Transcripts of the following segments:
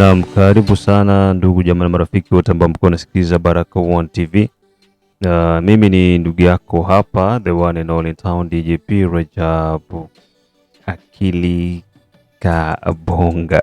Naam, karibu sana ndugu jamaa na marafiki wote ambao mko nasikiliza baraka One TV. Uh, mimi ni ndugu yako hapa the one and only town DJP Rajabu Akili Kabonga.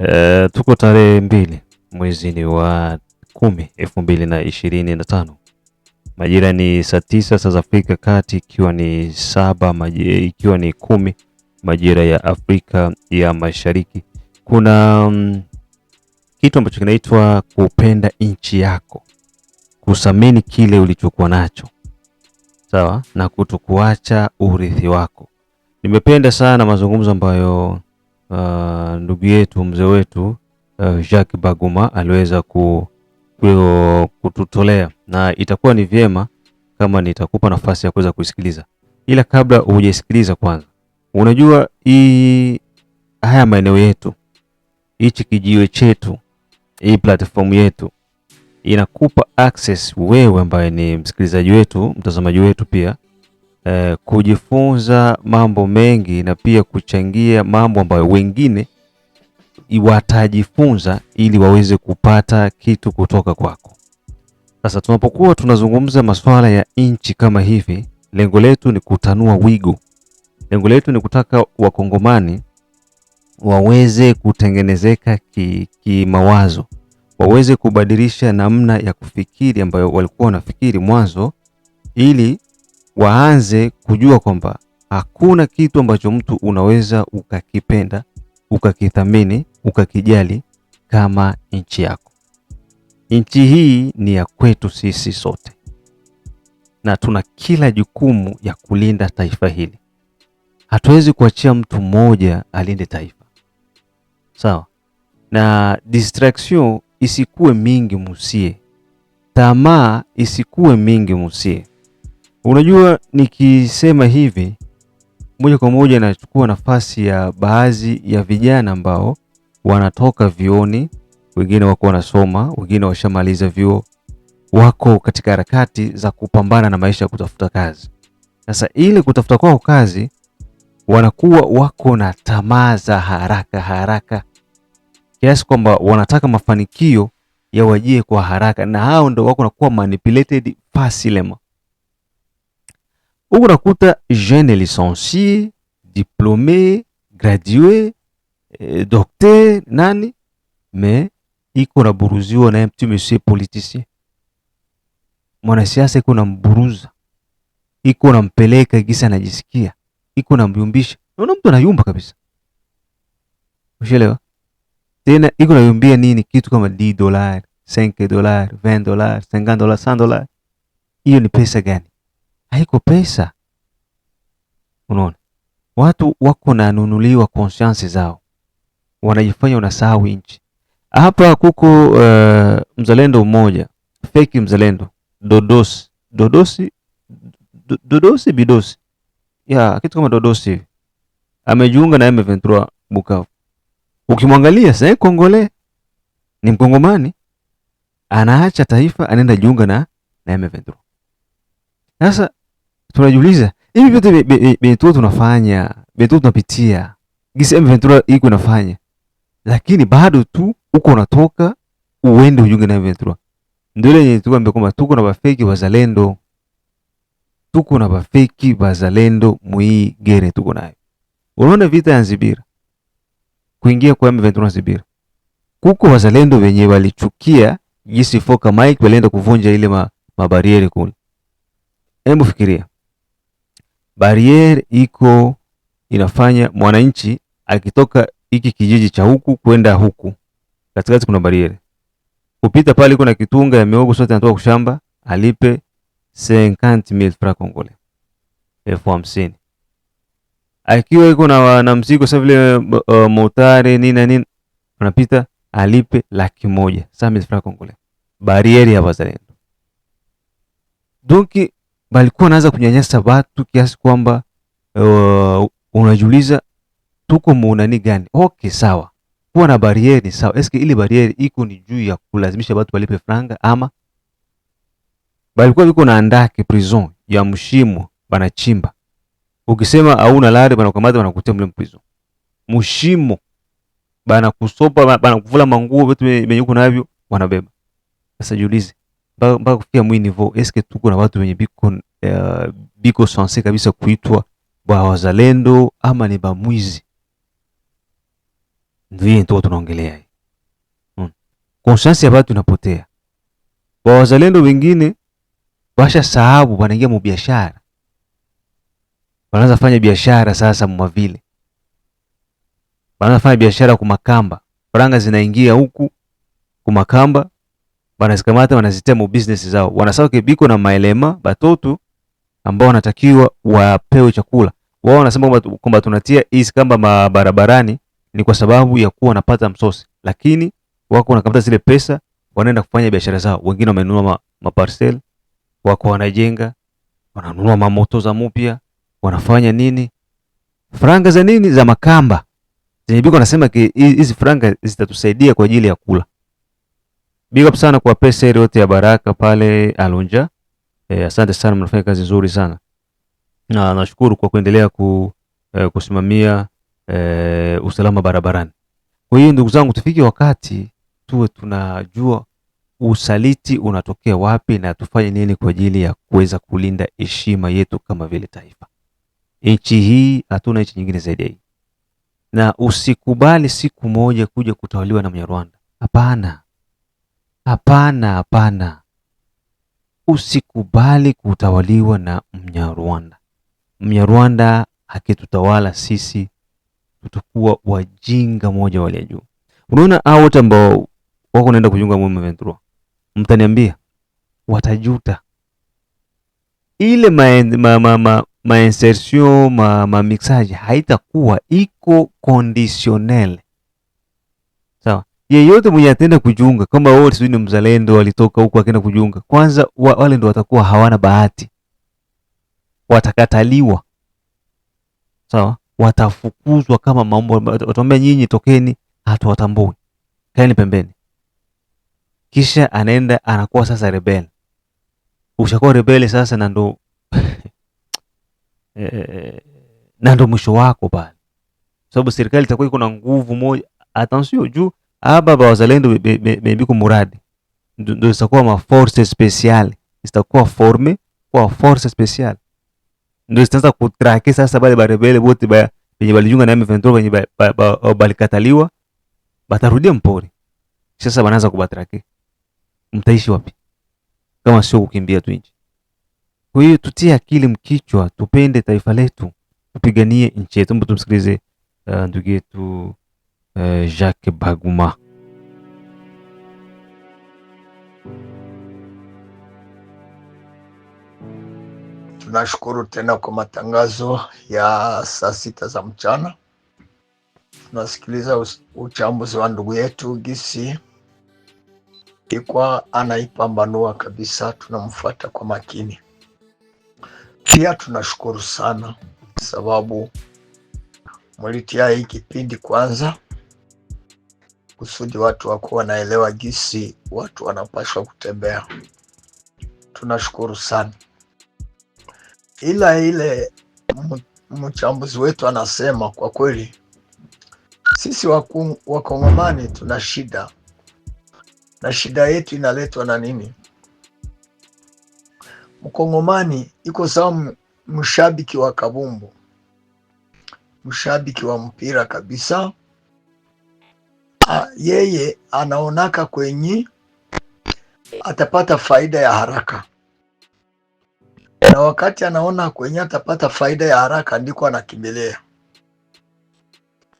Uh, tuko tarehe mbili mwezi ni wa kumi elfu mbili na ishirini na tano majira ni saa tisa saa za Afrika Kati, ikiwa ni saba majira, ikiwa ni kumi majira ya Afrika ya Mashariki kuna um, kitu ambacho kinaitwa kupenda nchi yako, kusamini kile ulichokuwa nacho, sawa, na kutokuacha urithi wako. Nimependa sana mazungumzo ambayo uh, ndugu yetu mzee wetu uh, Jacques Baguma aliweza ku, ku, kututolea na itakuwa ni vyema kama nitakupa nafasi ya kuweza kusikiliza, ila kabla hujasikiliza, kwanza unajua hii haya maeneo yetu hichi kijiwe chetu, hii platform yetu inakupa access wewe ambaye ni msikilizaji wetu, mtazamaji wetu pia eh, kujifunza mambo mengi na pia kuchangia mambo ambayo wengine watajifunza ili waweze kupata kitu kutoka kwako. Sasa tunapokuwa tunazungumza masuala ya nchi kama hivi, lengo letu ni kutanua wigo, lengo letu ni kutaka wakongomani waweze kutengenezeka kimawazo ki waweze kubadilisha namna ya kufikiri ambayo walikuwa wanafikiri mwanzo, ili waanze kujua kwamba hakuna kitu ambacho mtu unaweza ukakipenda ukakithamini ukakijali kama nchi yako. Nchi hii ni ya kwetu sisi sote, na tuna kila jukumu ya kulinda taifa hili. Hatuwezi kuachia mtu mmoja alinde taifa sawa. Na distraction isikuwe mingi musie, tamaa isikuwe mingi musie. Unajua, nikisema hivi moja kwa moja nachukua nafasi ya baadhi ya vijana ambao wanatoka vioni, wengine wako wanasoma, wengine washamaliza vyuo, wako katika harakati za kupambana na maisha ya kutafuta kazi. Sasa ili kutafuta kwao kazi wanakuwa wako na tamaa za haraka haraka kiasi kwamba wanataka mafanikio yawajie kwa haraka, na hao ndo wako nakuwa manipulated facilement. Huku nakuta jeune licencié diplômé gradué eh, docteur nani me iko na buruziwa naye mtu monsieur politicien, mwanasiasa iko namburuza, iko na mpeleka gisa anajisikia iko namyumbisha. Unaona mtu anayumba kabisa, ushelewa tena, iko nayumbia nini? Kitu kama d dollar 5 dollar 20 dollar 50 dollar 100 dollar, hiyo ni pesa gani? Haiko pesa. Unaona watu wako nanunuliwa conscience zao, wanajifanya unasahau inchi. Hapa kuko uh, mzalendo mmoja fake mzalendo Dodosi Dodosi Dodosi Bidosi ya kitu kama Dodosi hivi amejiunga na M23 Bukavu. Ukimwangalia sasa Kongole ni Mkongomani anaacha taifa anaenda jiunga na na M23. Sasa tunajiuliza hivi vitu vitu tunafanya, vitu tunapitia. Gisi M23 iko inafanya. Lakini bado tu uko unatoka uende ujiunge na M23. Ndio ile yenye tuko kwamba tuko na wafeki wazalendo tuko na bafeki bazalendo gere tuko nayo. Unaona vita ya Nzibira kuingia kwa M23 Nzibira, kuko bazalendo wenye walichukia jinsi Foka Mike walienda kuvunja ile ma, mabarieri kule. Hebu fikiria bariere iko inafanya mwananchi akitoka hiki kijiji cha huku kwenda huku, katikati kuna bariere kupita pale kuna kitunga ya miogo sote anatoka kushamba alipe 50000 francs congolais, elfu hamsini akiwa iko na, na mzigo sasa vile uh, motari nini na nini anapita alipe laki moja sasa mille francs congolais, barieri ya wazalendo. Donc balikuwa naanza kunyanyasa watu kiasi kwamba uh, unajiuliza tuko muunani gani? Okay, sawa kuwa na barieri ni sawa, eske ile barieri iko ni juu ya kulazimisha watu walipe franga ama balikuwa biko naandaa ke prison ya mshimo banachimba. Ukisema hauna lari banakukamata banakutia mle prison. Mshimo banakusopa banakuvula manguo vitu venye uko navyo wanabeba. Sasa jiulize mpaka kufikia mwi nivo, eske tuko na watu wenye biko uh, biko sense kabisa kuitwa ba wazalendo ama ni ba mwizi? Ndiye ndio tunaongelea Hmm. Conscience ya watu inapotea. Ba wazalendo wengine washa sahabu, wanaingia mu biashara, wanaanza fanya biashara sasa mwa vile, wanaanza fanya biashara kumakamba, faranga zinaingia huku kumakamba, wanazikamata wanazitema mu business zao, wanasawa kibiko na maelema batoto ambao wanatakiwa wapewe chakula. Wao wanasema kwamba tunatia hizi kamba mabarabarani ni kwa sababu ya kuwa wanapata msosi, lakini wako wanakamata zile pesa, wanaenda kufanya biashara zao. Wengine wamenunua maparcel wako wanajenga, wananunua mamoto za mupya, wanafanya nini? Franga za nini? Za Makamba zenye Biko anasema hizi franga zitatusaidia kwa ajili ya kula. Big up sana kwa pesa ile yote ya Baraka pale Alonja. E, asante sana, mnafanya kazi nzuri sana na nashukuru kwa kuendelea ku, e, kusimamia e, usalama barabarani. Kwa hiyo ndugu zangu, tufike wakati tuwe tunajua usaliti unatokea wapi na tufanye nini kwa ajili ya kuweza kulinda heshima yetu kama vile taifa. Nchi hii hatuna nchi nyingine zaidi ya hii, na usikubali siku moja kuja kutawaliwa na Mnyarwanda. Hapana, hapana, hapana, usikubali kutawaliwa na Mnyarwanda. Mnyarwanda akitutawala sisi tutakuwa wajinga moja wale juu. Unaona hao wote ambao wako naenda kujiunga Ventura mtaniambia watajuta ile mainsertion ma, ma, ma, ma, ma, ma mixage haitakuwa iko conditionel sawa. Yeyote mwenye atenda kujunga kama wote sijui ni mzalendo alitoka huko akenda kujunga kwanza wa, wale ndo watakuwa hawana bahati, watakataliwa sawa, watafukuzwa kama mambo, watamwambia nyinyi tokeni, hatuwatambui, kaeni pembeni kisha anaenda anakuwa sasa rebel. Ushakuwa rebel sasa, na ndo e, na ndo mwisho wako pale, sababu serikali itakuwa iko na nguvu moja. atansio juu aba ba wazalendo bebi muradi ndo zitakuwa ma force special, zitakuwa forme kwa force special, ndo zitaanza kutrake sasa bale barebele bote ba benye balijiunga na M23 benye balikataliwa, batarudia mpori sasa, banaanza kubatrake mtaishi wapi kama sio kukimbia tu nje? Kwa hiyo tutie akili mkichwa, tupende taifa letu, tupiganie nchi yetu. Mbona tumsikilize uh, ndugu yetu uh, Jacques Baguma. Tunashukuru tena kwa matangazo ya saa sita za mchana. Tunasikiliza uchambuzi wa ndugu yetu Gisi ilikuwa anaipambanua kabisa, tunamfuata kwa makini. Pia tunashukuru sana sababu mulitia hii kipindi kwanza, kusudi watu wako wanaelewa gisi watu wanapashwa kutembea. Tunashukuru sana, ila ile mchambuzi wetu anasema kwa kweli sisi wakongomani tuna shida na shida yetu inaletwa na nini? Mkongomani iko sawa mshabiki wa kabumbu, mshabiki wa mpira kabisa. A, yeye anaonaka kwenye atapata faida ya haraka, na wakati anaona kwenye atapata faida ya haraka ndiko anakimbilia.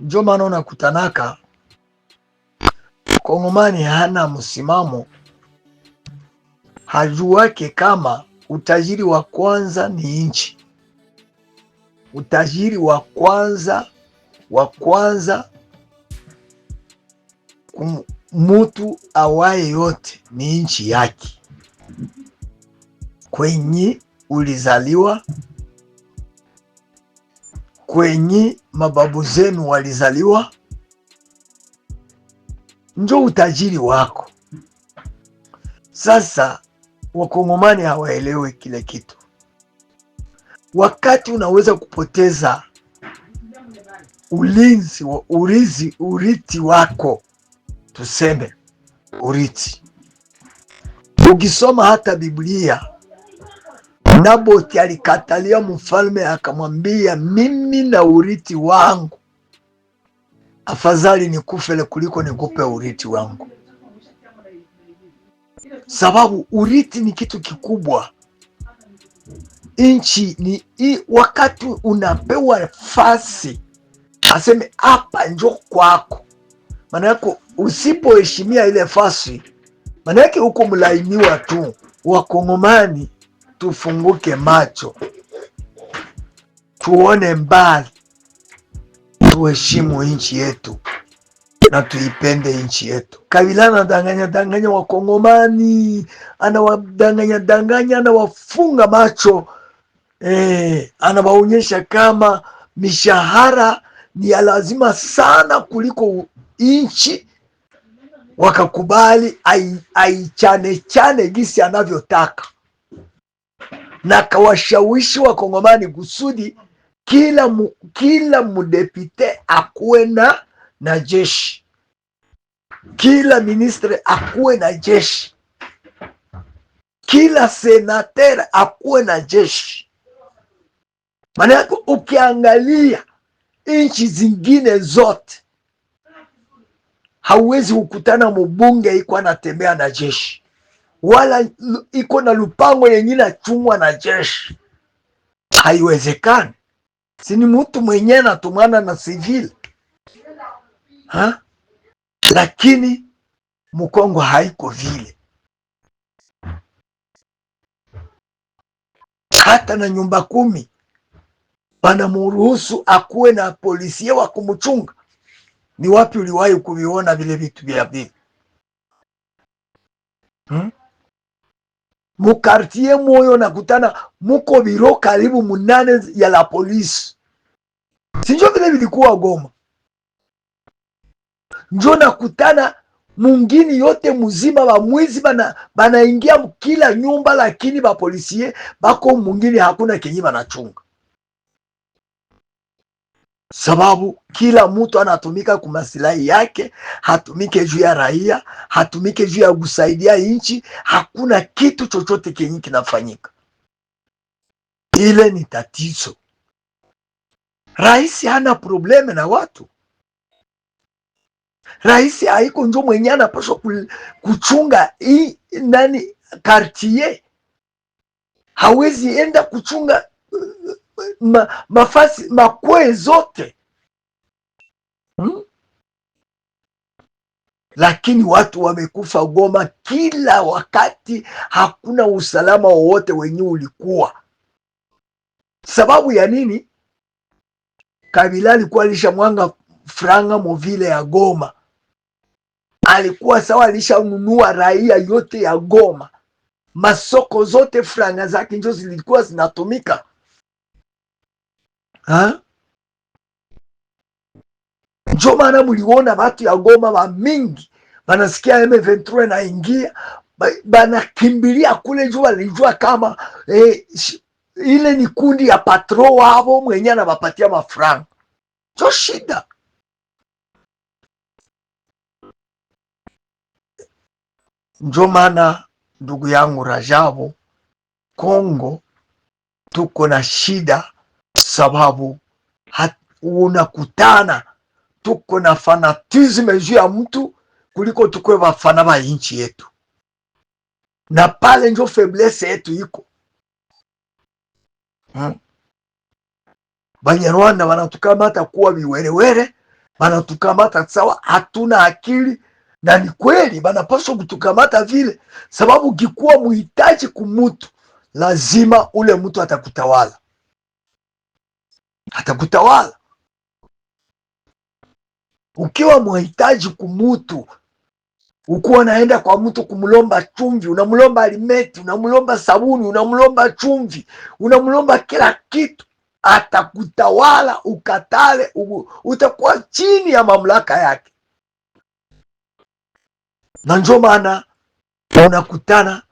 njo maana unakutanaka Mkongomani hana msimamo, hajuake kama utajiri wa kwanza ni nchi. Utajiri wa kwanza wa kwanza mutu awaye yote ni nchi yake, kwenye ulizaliwa, kwenye mababu zenu walizaliwa njo utajiri wako. Sasa wakongomani hawaelewe kile kitu, wakati unaweza kupoteza ulinzi wa urizi uriti wako, tuseme uriti. Ukisoma hata Biblia, Naboti alikatalia mfalme, akamwambia mimi na uriti wangu afadhali kufele kuliko nikupe urithi wangu, sababu urithi ni kitu kikubwa. Nchi ni i, wakati unapewa nafasi aseme hapa njo kwako, maana yako usipoheshimia ile fasi maana yake huko mlaimiwa tu. Wakongomani tufunguke macho tuone mbali tuheshimu nchi yetu na tuipende nchi yetu. Kabila anadanganya danganya Wakongomani, anawadanganya danganya, anawafunga macho eh, anawaonyesha kama mishahara ni ya lazima sana kuliko nchi, wakakubali aichanechane ai gisi anavyotaka, na kawashawishi Wakongomani kusudi kila mu, kila mudepute akuwe na na jeshi, kila ministre akuwe na jeshi, kila senater akuwe na jeshi. Maana yake ukiangalia nchi zingine zote hauwezi kukutana mubunge iko anatembea na jeshi wala iko na lupango yenye nachumwa na jeshi, haiwezekani si ni mtu mwenyewe natumana na civil ha? Lakini Mkongo haiko vile, hata na nyumba kumi wanamuruhusu akuwe na polisie wa kumchunga. Ni wapi uliwahi kuviona vile vitu vya vile hmm? mukartie moyo nakutana muko biro karibu munane ya la polisi, sinjo vile vilikuwa Goma, njo nakutana mungini yote muzima bamwizi banaingia kila nyumba, lakini bapolisie bako mungini hakuna kenye banachunga sababu kila mtu anatumika kwa yake, hatumike juu ya raia, hatumike juu ya kusaidia nchi. Hakuna kitu chochote kenye kinafanyika, ile ni tatizo. Rais hana probleme na watu, rais haiko njo mwenye anapaswa kuchunga hii nani kartie hawezi enda kuchunga ma, mafasi makwe zote hmm? Lakini watu wamekufa Goma kila wakati, hakuna usalama wowote wenye ulikuwa. Sababu ya nini? Kabila alikuwa alishamwanga franga movile ya Goma, alikuwa sawa, alishanunua raia yote ya Goma, masoko zote, franga zake njo zilikuwa zinatumika Njo maana muliona batu ya Goma wa mingi banasikia M23 naingia banakimbilia kule juu walijua kama eh, ile ni kundi ya patro wavo mwenye anabapatia mafranga. Cho shida njo maana ndugu yangu Rajabu, Kongo tuko na shida sababu unakutana tuko na fanatizme juu ya mtu kuliko tukwe bafana ba inchi yetu, na pale njo feblese yetu iko hmm. Banyarwanda wanatukamata kuwa viwerewere, wanatukamata sawa hatuna akili, na ni kweli banapaswa kutukamata vile, sababu kikuwa muhitaji kumutu, lazima ule mtu atakutawala atakutawala. Ukiwa mwahitaji kumutu, ukuwa naenda kwa mtu kumlomba chumvi, unamlomba alimeti, unamlomba sabuni, unamlomba chumvi, unamlomba kila kitu, atakutawala ukatale, utakuwa chini ya mamlaka yake, na njo maana unakutana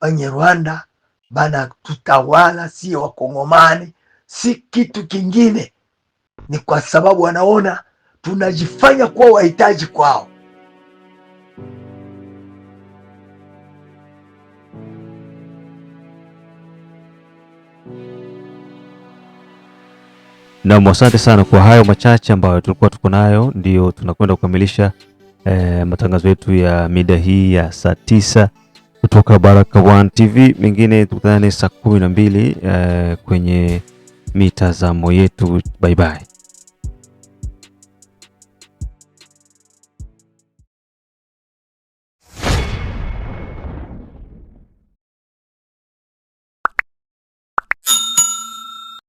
banye Rwanda bana tutawala, sio Wakongomani si kitu kingine. Ni kwa sababu wanaona tunajifanya kuwa wahitaji kwao. Nam, asante sana kwa hayo machache ambayo tulikuwa tuko nayo, ndio tunakwenda kukamilisha eh, matangazo yetu ya mida hii ya saa tisa kutoka Baraka1 TV. Mengine tukutane saa kumi na mbili eh, kwenye mitazamo yetu. Bye bye.